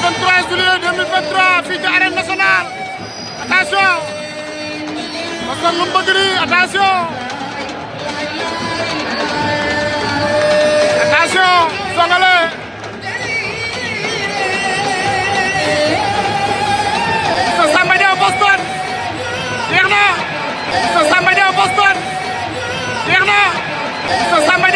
23 juillet 2023 fii ci arène nationale attention parce que lu bëgg nii attention attention Songale sa Samba Diaw Boston jeex na Samba Diaw Boston Samba